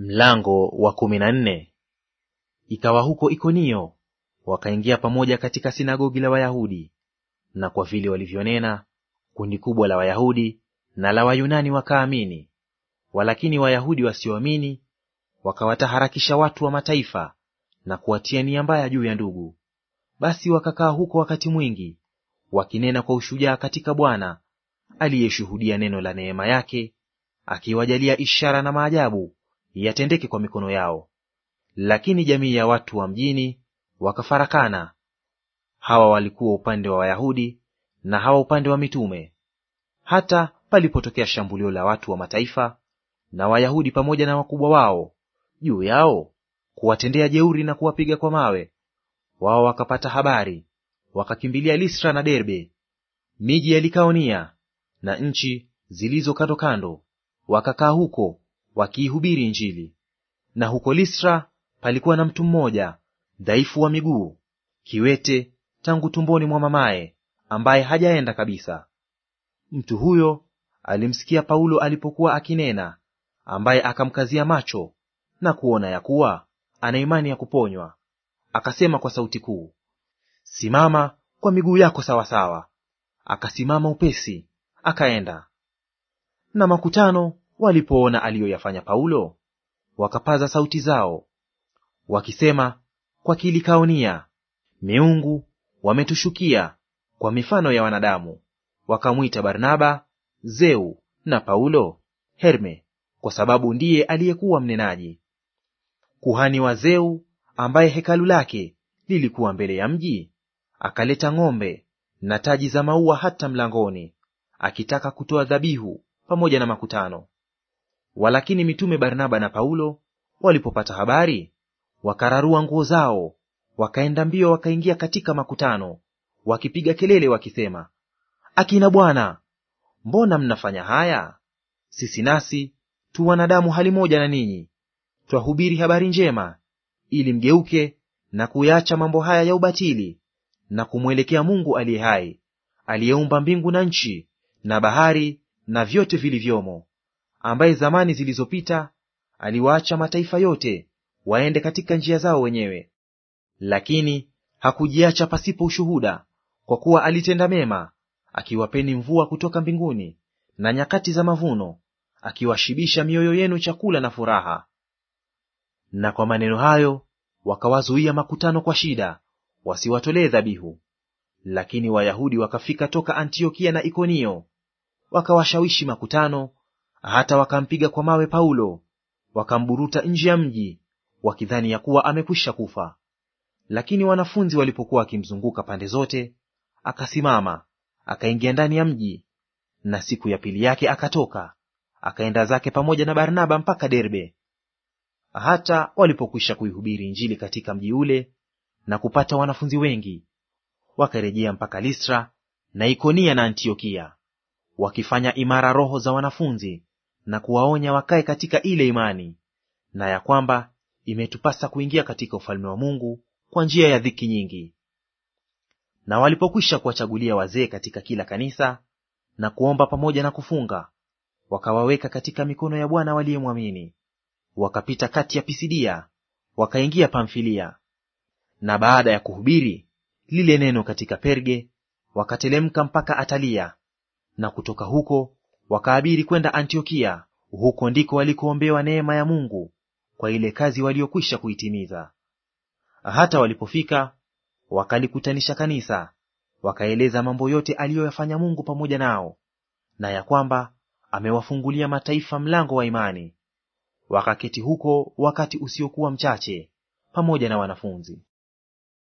Mlango wa kumi na nne. Ikawa huko Ikonio wakaingia pamoja katika sinagogi la Wayahudi, na kwa vile walivyonena, kundi kubwa la Wayahudi na la Wayunani wakaamini. Walakini Wayahudi wasioamini wakawataharakisha watu wa mataifa na kuwatia nia mbaya juu ya ndugu. Basi wakakaa huko wakati mwingi, wakinena kwa ushujaa katika Bwana, aliyeshuhudia neno la neema yake, akiwajalia ishara na maajabu yatendeke kwa mikono yao. Lakini jamii ya watu wa mjini wakafarakana, hawa walikuwa upande wa Wayahudi na hawa upande wa mitume. Hata palipotokea shambulio la watu wa mataifa na Wayahudi pamoja na wakubwa wao juu yao, kuwatendea jeuri na kuwapiga kwa mawe, wao wakapata habari, wakakimbilia Listra na Derbe, miji ya Likaonia na nchi zilizo kando kando, wakakaa huko wakiihubiri Injili. Na huko Listra palikuwa na mtu mmoja dhaifu wa miguu, kiwete tangu tumboni mwa mamaye, ambaye hajaenda kabisa. Mtu huyo alimsikia Paulo alipokuwa akinena, ambaye akamkazia macho na kuona ya kuwa ana imani ya kuponywa, akasema kwa sauti kuu, Simama kwa miguu yako sawasawa. Akasimama upesi akaenda. Na makutano Walipoona aliyoyafanya Paulo, wakapaza sauti zao wakisema kwa kilikaonia, miungu wametushukia kwa mifano ya wanadamu. Wakamwita Barnaba, Zeu, na Paulo Herme, kwa sababu ndiye aliyekuwa mnenaji. Kuhani wa Zeu, ambaye hekalu lake lilikuwa mbele ya mji, akaleta ng'ombe na taji za maua hata mlangoni, akitaka kutoa dhabihu pamoja na makutano. Walakini mitume Barnaba na Paulo walipopata habari, wakararua nguo zao, wakaenda mbio, wakaingia katika makutano, wakipiga kelele wakisema, akina Bwana, mbona mnafanya haya? Sisi nasi tu wanadamu hali moja na ninyi, twahubiri habari njema, ili mgeuke na kuyaacha mambo haya ya ubatili na kumwelekea Mungu aliye hai, aliyeumba mbingu na nchi na bahari na vyote vilivyomo ambaye zamani zilizopita aliwaacha mataifa yote waende katika njia zao wenyewe, lakini hakujiacha pasipo ushuhuda, kwa kuwa alitenda mema, akiwapeni mvua kutoka mbinguni na nyakati za mavuno, akiwashibisha mioyo yenu chakula na furaha. Na kwa maneno hayo wakawazuia makutano kwa shida, wasiwatolee dhabihu. Lakini Wayahudi wakafika toka Antiokia na Ikonio, wakawashawishi makutano hata wakampiga kwa mawe Paulo, wakamburuta nje ya mji, wakidhani ya kuwa amekwisha kufa. Lakini wanafunzi walipokuwa wakimzunguka pande zote, akasimama akaingia ndani ya mji, na siku ya pili yake akatoka akaenda zake pamoja na Barnaba mpaka Derbe. Hata walipokwisha kuihubiri Injili katika mji ule na kupata wanafunzi wengi, wakarejea mpaka Listra na Ikonia na Antiokia, wakifanya imara roho za wanafunzi na kuwaonya wakae katika ile imani, na ya kwamba imetupasa kuingia katika ufalme wa Mungu kwa njia ya dhiki nyingi. Na walipokwisha kuwachagulia wazee katika kila kanisa na kuomba pamoja na kufunga, wakawaweka katika mikono ya Bwana waliyemwamini. Wakapita kati ya Pisidia wakaingia Pamfilia. Na baada ya kuhubiri lile neno katika Perge, wakatelemka mpaka Atalia, na kutoka huko wakaabiri kwenda Antiokia. Huko ndiko walikoombewa neema ya Mungu kwa ile kazi waliokwisha kuitimiza. Hata walipofika wakalikutanisha kanisa, wakaeleza mambo yote aliyoyafanya Mungu pamoja nao, na ya kwamba amewafungulia mataifa mlango wa imani. Wakaketi huko wakati usiokuwa mchache pamoja na wanafunzi.